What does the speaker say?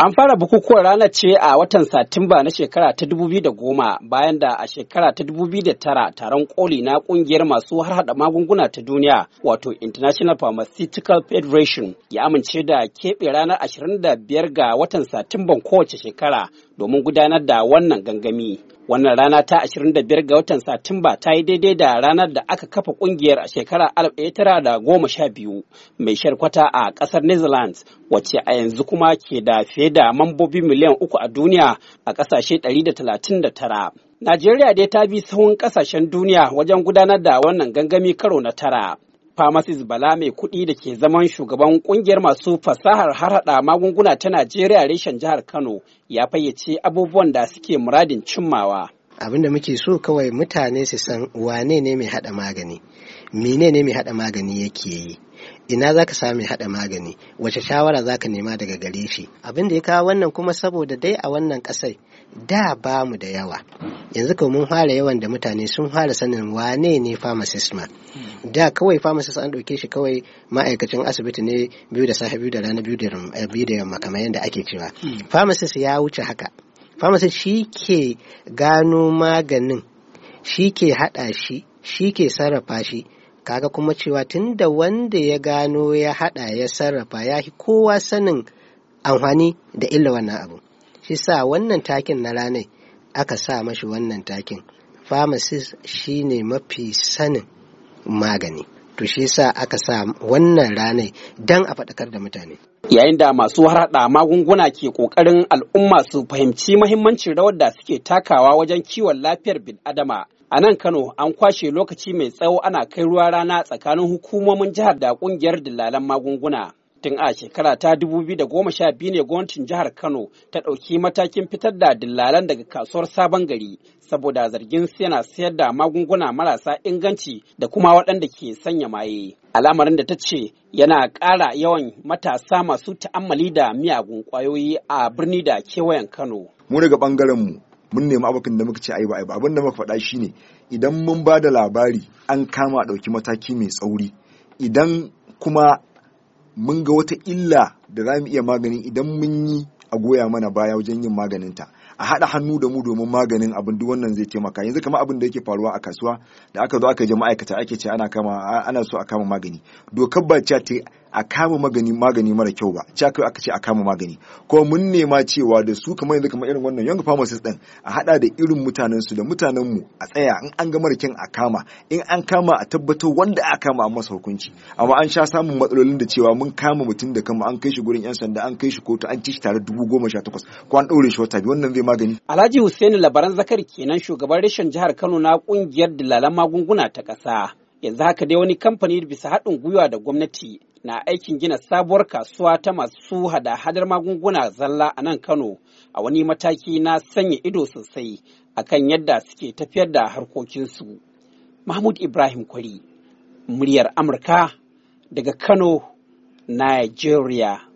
An fara bukukuwar ranar ce a watan Satumba na shekara ta 2010 bayan da a shekara ta 2009 taron koli na kungiyar masu harhaɗa magunguna ta duniya wato International Pharmaceutical Federation ya amince da keɓe ranar 25 ga watan Satumban kowace shekara domin gudanar da wannan gangami. Wannan rana ta 25 ga watan Satumba ta yi daidai da ranar da aka kafa kungiyar a shekara 1912 mai sharkwata a ƙasar Netherlands wacce a yanzu kuma ke da fiye da mambobi miliyan uku a duniya a ƙasashe 139. Najeriya dai ta bi sahun ƙasashen duniya wajen gudanar da wannan gangami karo na tara. Pharmacist Bala mai kuɗi da ke zaman shugaban ƙungiyar masu fasahar harhaɗa magunguna ta Najeriya reshen jihar Kano ya fayyace abubuwan da suke muradin cimmawa. da muke so kawai mutane su san wane ne mai hada magani Menene mai hada magani yake yi ina zaka ka mai hada magani wace shawara zaka nema daga gare shi abin da ya kawo wannan kuma saboda dai a wannan kasai da ba mu da yawa yanzu ko mun fara yawan da mutane sun fara sanin wane ne pharmacist ma da kawai pharmacist an ɗauke shi kawai ma'aikacin asibiti ne biyu da safe biyu da rana biyu da yamma eh, kamar yadda ake cewa hmm. pharmacist ya wuce haka pharmacist shi ke gano maganin shi ke haɗa shi shi ke sarrafa shi kaga kuma cewa tunda wanda ya gano ya haɗa ya sarrafa ya kowa sanin amfani da illa wannan abu shi sa wannan takin na ranai, aka sa mashi wannan takin pharmacist shi ne mafi sanin magani to shi sa aka sa wannan ranai don a faɗakar da mutane yayin da masu harhaɗa magunguna ke ƙoƙarin al'umma su fahimci mahimmancin rawar da suke takawa wajen kiwon lafiyar bin adama, A nan Kano an kwashe lokaci mai tsawo ana kai ruwa rana tsakanin hukumomin jihar da ƙungiyar dillalan magunguna. Tun a shekara ta da goma sha biyu ne gwamnatin jihar Kano ta ɗauki matakin fitar da dillalan daga kasuwar sabon gari saboda zargin yana sayar da magunguna marasa inganci da kuma waɗanda ke sanya maye. Al'amarin da ta ce yana ƙara yawan matasa masu ta'ammali da miyagun ƙwayoyi a birni da kewayen Kano. Mu daga ɓangaren mu mun nemi abokan da muka ce ai ba ai ba abin da muka faɗa shine idan mun ba da labari an kama ɗauki mataki mai tsauri idan kuma mun ga wata illa da za mu iya maganin idan mun yi a goya mana baya wajen yin maganin ta a haɗa hannu da mu domin maganin abin duk wannan zai taimaka yanzu kamar abin da yake faruwa a kasuwa da aka zo aka je ma'aikata ake ce ana kama ana so a kama magani dokar ba ce ta a kama magani magani mara kyau ba ci aka aka ce a kama magani ko mun nema cewa da su kamar yanzu kamar irin wannan young pharmacist din a hada da irin mutanen su da mutanen mu a tsaya in an ga mara kyan a kama in an kama a tabbatar wanda a kama a masa hukunci amma an sha samun matsalolin da cewa mun kama mutum da kama an kai shi gurin yan sanda an kai shi kotu an ci shi tare dubu goma sha takwas ko an ɗaure shi wata biyu wannan zai magani. Alhaji Hussaini Labaran Zakari kenan shugaban reshen jihar Kano na kungiyar dalalan magunguna ta kasa yanzu haka dai wani kamfani bisa haɗin gwiwa da gwamnati na aikin gina sabuwar kasuwa ta masu hada-hadar magunguna zalla a nan Kano a wani mataki na sanya ido sosai akan yadda suke tafiyar da harkokinsu. Mahmud Ibrahim Kwari, muryar Amurka daga Kano, Nigeria.